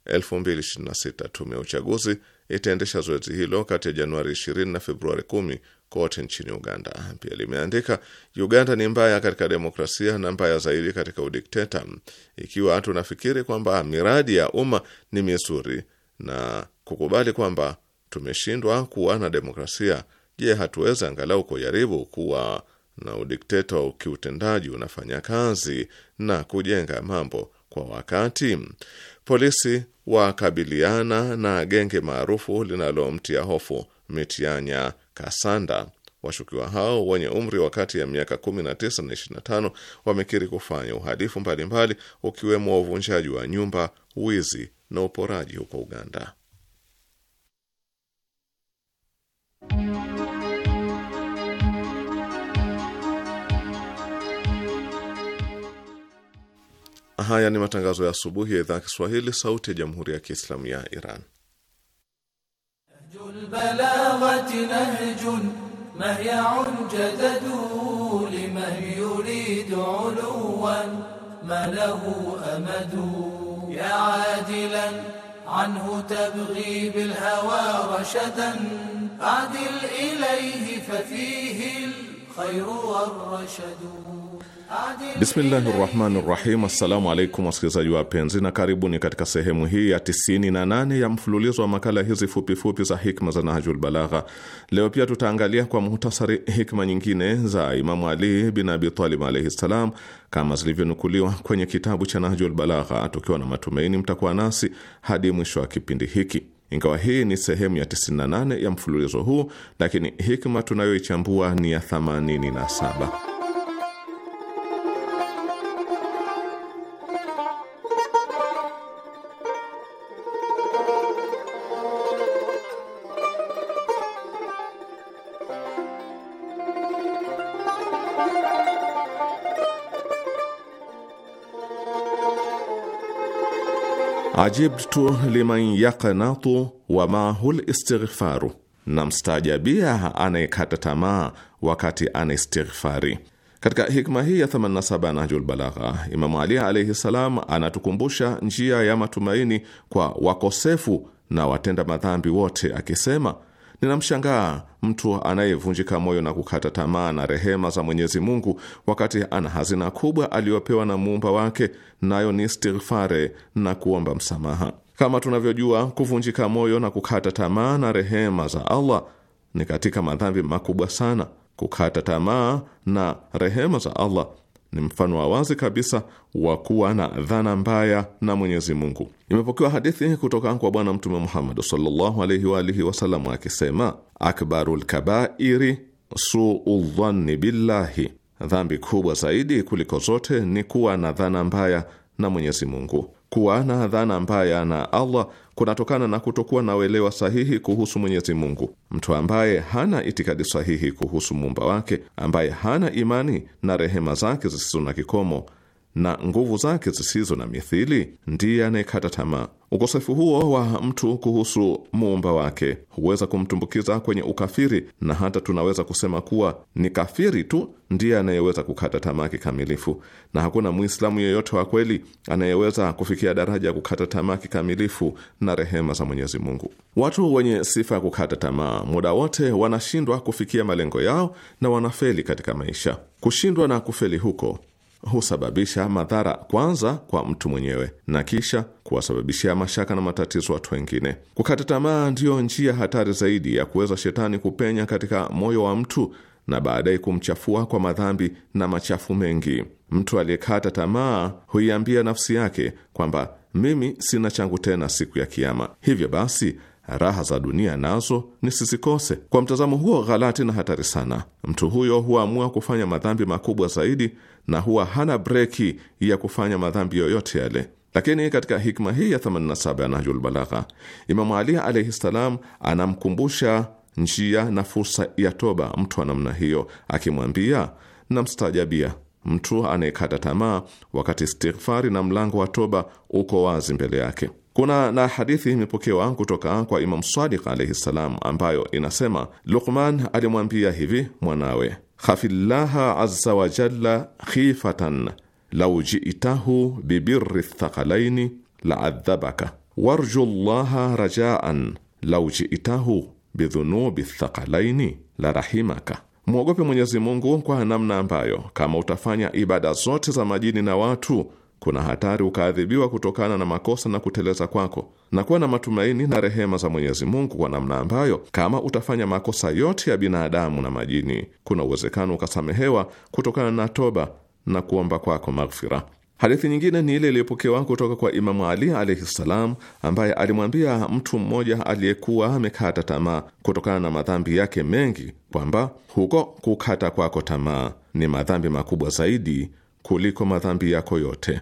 S2: 2026. Tume ya uchaguzi itaendesha zoezi hilo kati ya Januari 20 na Februari 10 kote nchini Uganda. Pia limeandika Uganda ni mbaya katika demokrasia na mbaya zaidi katika udikteta. Ikiwa tunafikiri kwamba miradi ya umma ni mizuri na kukubali kwamba tumeshindwa kuwa na demokrasia, je, hatuwezi angalau kujaribu kuwa na udikteta kiutendaji unafanya kazi na kujenga mambo kwa wakati? Polisi wakabiliana na genge maarufu linalomtia hofu Mitianya Kasanda. Washukiwa hao wenye umri wa kati ya miaka 19 na 25 wamekiri kufanya uhalifu mbalimbali ukiwemo wa uvunjaji wa nyumba, wizi na uporaji huko Uganda. Haya ni matangazo ya asubuhi ya idhaa Kiswahili, sauti ya jamhuri ya kiislamu ya Iran. Bismillahi rahmani rahim. Assalamu alaikum wasikilizaji wapenzi, na karibuni katika sehemu hii ya 98 ya mfululizo wa makala hizi fupifupi za hikma za Nahjul Balagha. Leo pia tutaangalia kwa muhtasari hikma nyingine za Imamu Ali bin Abi Talib alaihi ssalam, kama zilivyonukuliwa kwenye kitabu cha Nahjul Balagha, tukiwa na matumaini mtakuwa nasi hadi mwisho wa kipindi hiki. Ingawa hii ni sehemu ya 98 ya mfululizo huu, lakini hikma tunayoichambua ni ya 87. ajibtu liman yaqnatu wa mahul istighfaru, na mstaajabia anayekata tamaa wakati anaistighfari. Katika hikma hii ya 87 Nahjul Balagha, Imamu Ali alaihi salam anatukumbusha njia ya matumaini kwa wakosefu na watenda madhambi wote akisema Ninamshangaa mtu anayevunjika moyo na kukata tamaa na rehema za Mwenyezi Mungu wakati ana hazina kubwa aliyopewa na muumba wake, nayo ni istighfare na kuomba msamaha. Kama tunavyojua, kuvunjika moyo na kukata tamaa na rehema za Allah ni katika madhambi makubwa sana. Kukata tamaa na rehema za Allah ni mfano wa wazi kabisa wa kuwa na dhana mbaya na Mwenyezi Mungu. Imepokewa hadithi kutoka kwa Bwana Mtume Muhammad sallallahu alaihi wa alihi wasallam akisema, akbarul kabairi suu dhanni billahi, dhambi kubwa zaidi kuliko zote ni kuwa na dhana mbaya na Mwenyezi Mungu. Kuwa na dhana mbaya na Allah kunatokana na kutokuwa na uelewa sahihi kuhusu Mwenyezi Mungu. Mtu ambaye hana itikadi sahihi kuhusu muumba wake, ambaye hana imani na rehema zake zisizo na kikomo na nguvu zake zisizo na mithili ndiye anayekata tamaa. Ukosefu huo wa mtu kuhusu muumba wake huweza kumtumbukiza kwenye ukafiri, na hata tunaweza kusema kuwa ni kafiri tu ndiye anayeweza kukata tamaa kikamilifu, na hakuna Mwislamu yeyote wa kweli anayeweza kufikia daraja ya kukata tamaa kikamilifu na rehema za Mwenyezi Mungu. Watu wenye sifa ya kukata tamaa muda wote wanashindwa kufikia malengo yao na wanafeli katika maisha. Kushindwa na kufeli huko husababisha madhara kwanza kwa mtu mwenyewe na kisha kuwasababishia mashaka na matatizo watu wengine. Kukata tamaa ndiyo njia hatari zaidi ya kuweza shetani kupenya katika moyo wa mtu na baadaye kumchafua kwa madhambi na machafu mengi. Mtu aliyekata tamaa huiambia nafsi yake kwamba mimi sina changu tena siku ya Kiama, hivyo basi raha za dunia nazo sisikose Kwa mtazamo huo ghalati na hatari sana, mtu huyo huamua kufanya madhambi makubwa zaidi na huwa hana breki ya kufanya madhambi yoyote yale. Lakini katika hikma hii ya 87 ya Nahjul Balagha, Imamu Ali alaihi ssalam anamkumbusha njia na fursa ya toba mtu wa namna hiyo, akimwambia namstajabia mtu anayekata tamaa wakati istighfari na mlango wa toba uko wazi mbele yake. Kuna na hadithi imepokewa kutoka kwa Imam Sadiq alaihi ssalam, ambayo inasema Luqman alimwambia hivi mwanawe, khafillaha azza wa jalla khifatan lau jitahu bibirri thaqalaini laadhabaka warju llaha rajaan lau jitahu bidhunubi thaqalaini la rahimaka Mwogope Mwenyezi Mungu kwa namna ambayo kama utafanya ibada zote za majini na watu kuna hatari ukaadhibiwa kutokana na makosa na kuteleza kwako, na kuwa na matumaini na rehema za Mwenyezi Mungu, kwa namna ambayo kama utafanya makosa yote ya binadamu na majini, kuna uwezekano ukasamehewa kutokana na toba na kuomba kwako maghfira. Hadithi nyingine ni ile iliyopokewa kutoka kwa Imamu Ali alaihi ssalam, ambaye alimwambia mtu mmoja aliyekuwa amekata tamaa kutokana na madhambi yake mengi kwamba huko kukata kwako tamaa ni madhambi makubwa zaidi kuliko madhambi yako yote.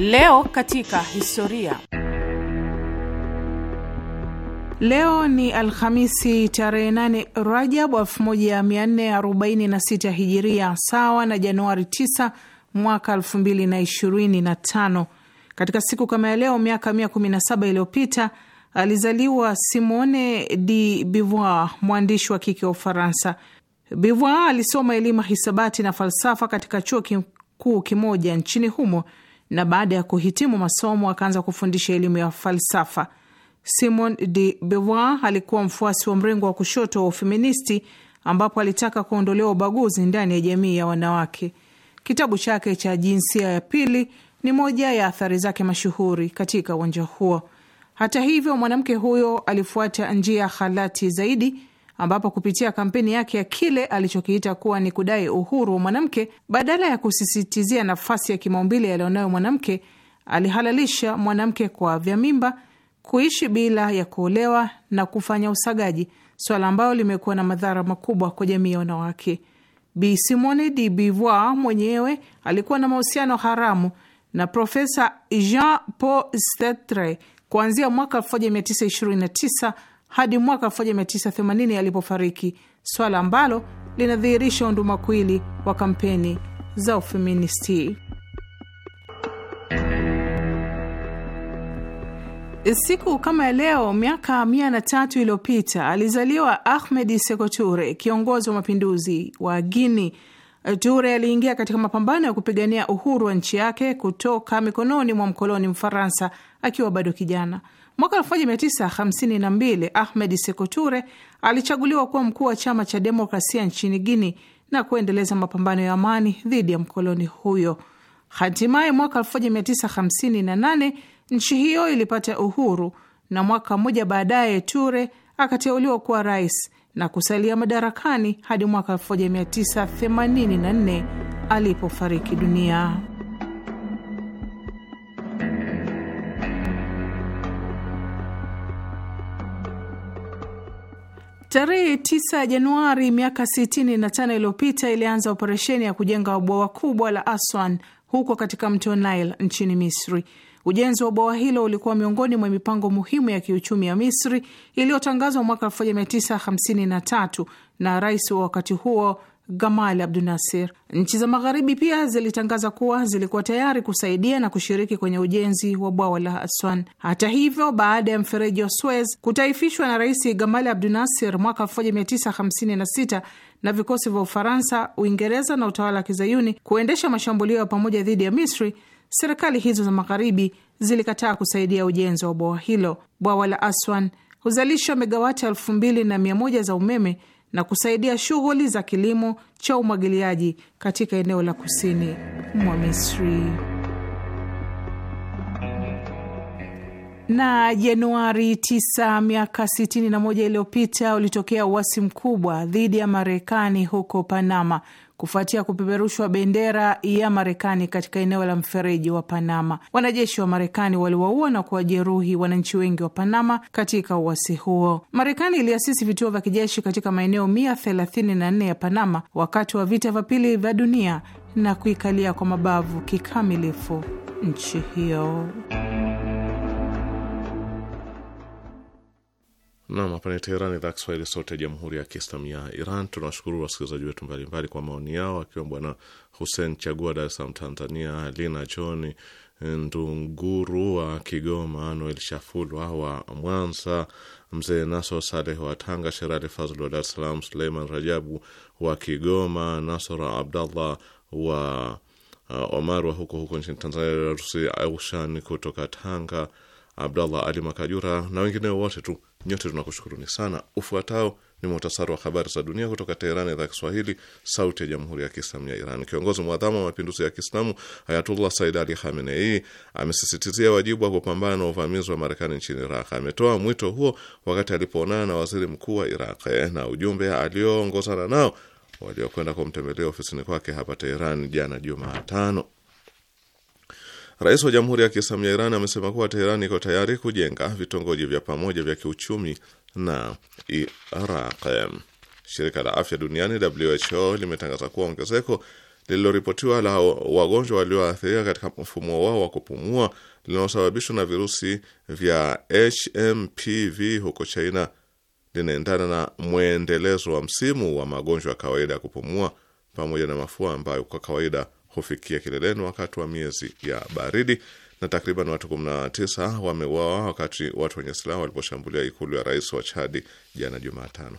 S3: Leo katika historia. Leo ni Alhamisi tarehe 8 Rajab 1446 Hijiria, sawa na Januari 9 mwaka 2025. Katika siku kama ya leo miaka 117 iliyopita alizaliwa Simone de Beauvoir, mwandishi wa kike wa Ufaransa. Beauvoir alisoma elimu ya hisabati na falsafa katika chuo kikuu kimoja nchini humo na baada ya kuhitimu masomo akaanza kufundisha elimu ya falsafa. Simon de Beauvoir alikuwa mfuasi wa mrengo wa kushoto wa ufeministi, ambapo alitaka kuondolewa ubaguzi ndani ya jamii ya wanawake. Kitabu chake cha Jinsia ya Pili ni moja ya athari zake mashuhuri katika uwanja huo. Hata hivyo, mwanamke huyo alifuata njia halati zaidi ambapo kupitia kampeni yake ya kile alichokiita kuwa ni kudai uhuru wa mwanamke badala ya kusisitizia nafasi ya kimaumbile yaliyonayo mwanamke, alihalalisha mwanamke kuavya mimba, kuishi bila ya kuolewa na kufanya usagaji, swala ambalo limekuwa na madhara makubwa kwa jamii ya wanawake. Bi Simone de Beauvoir mwenyewe alikuwa na mahusiano haramu na Profesa Jean Paul Sartre kuanzia mwaka 1929 hadi mwaka 1980 alipofariki, swala ambalo linadhihirisha undumakuwili wa kampeni za ufeministi. Siku kama ya leo miaka mia na tatu iliyopita alizaliwa Ahmed Seko Ture, kiongozi wa mapinduzi wa Guini. Ture aliingia katika mapambano ya kupigania uhuru wa nchi yake kutoka mikononi mwa mkoloni Mfaransa akiwa bado kijana. Mwaka 1952 Ahmed Sekoture alichaguliwa kuwa mkuu wa chama cha demokrasia nchini Guini na kuendeleza mapambano ya amani dhidi ya mkoloni huyo. Hatimaye mwaka 1958 nchi hiyo ilipata uhuru na mwaka mmoja baadaye Ture akateuliwa kuwa rais na kusalia madarakani hadi mwaka 1984 alipofariki dunia. Tarehe 9 Januari miaka 65 iliyopita ilianza operesheni ya kujenga bwawa kubwa la Aswan huko katika mto Nile nchini Misri. Ujenzi wa bwawa hilo ulikuwa miongoni mwa mipango muhimu ya kiuchumi ya Misri iliyotangazwa mwaka 1953 na rais wa wakati huo Gamal Nasir. Nchi za Magharibi pia zilitangaza kuwa zilikuwa tayari kusaidia na kushiriki kwenye ujenzi wa bwawa la Aswan. Hata hivyo, baada ya mfereji wa Suez kutaifishwa na Rais Gamal Nasir mwaka 1956 na vikosi vya Ufaransa, Uingereza na utawala wa kizayuni kuendesha mashambulio ya pamoja dhidi ya Misri, serikali hizo za Magharibi zilikataa kusaidia ujenzi wa bwawa hilo. Bwawa la Aswan huzalisha megawati elfu mbili na mia moja za umeme na kusaidia shughuli za kilimo cha umwagiliaji katika eneo la kusini mwa Misri. Na Januari 9 miaka 61 iliyopita ulitokea uasi mkubwa dhidi ya Marekani huko Panama kufuatia kupeperushwa bendera ya Marekani katika eneo la mfereji wa Panama. Wanajeshi wa Marekani waliwaua na kuwajeruhi wananchi wengi wa Panama katika uasi huo. Marekani iliasisi vituo vya kijeshi katika maeneo 134 ya Panama wakati wa vita vya pili vya dunia na kuikalia kwa mabavu kikamilifu nchi hiyo.
S2: Nam, hapa ni Teherani, idhaa Kiswahili, sauti ya jamhuri ya kiislamu ya Iran. Tunawashukuru wasikilizaji wetu mbalimbali kwa maoni yao, akiwa bwana Hussein Chagua, Dar es Salaam, Tanzania, Lina John Ndunguru wa Kigoma, Noel Shafulwa wa Mwanza, mzee Naso Saleh wa Tanga, Sherali Fazl wa Dar es Salaam, Suleiman Rajabu wa Kigoma, Nasora Abdallah wa uh, Omar wa huko huko nchini Tanzania, Rusi Aushan kutoka Tanga, Abdallah Ali Makajura na wengine wote tu Nyote tunakushukuruni sana. Ufuatao ni muhtasari wa habari za dunia kutoka Teherani, idhaa Kiswahili, sauti ya jamhuri ya kiislamu ya Iran. Kiongozi mwadhamu wa mapinduzi ya Kiislamu Ayatullah Said Ali Khamenei amesisitizia wajibu wa kupambana na uvamizi wa Marekani nchini Iraq. Ametoa mwito huo wakati alipoonana na waziri mkuu wa Iraq na ujumbe alioongozana nao waliokwenda kumtembelea ofisini kwake hapa teheran jana Jumatano. Rais wa Jamhuri ya Kiislamu ya Iran amesema kuwa teheran iko tayari kujenga vitongoji vya pamoja vya kiuchumi na Iraq. Shirika la Afya Duniani WHO limetangaza kuwa ongezeko lililoripotiwa la wagonjwa walioathirika katika mfumo wao wa kupumua linalosababishwa na virusi vya HMPV huko China linaendana na mwendelezo wa msimu wa magonjwa ya kawaida ya kupumua pamoja na mafua ambayo kwa kawaida hufikia kileleni wakati wa miezi ya baridi na takriban watu 19 wameuawa wakati watu wenye silaha waliposhambulia ikulu ya rais wa Chadi jana Jumatano.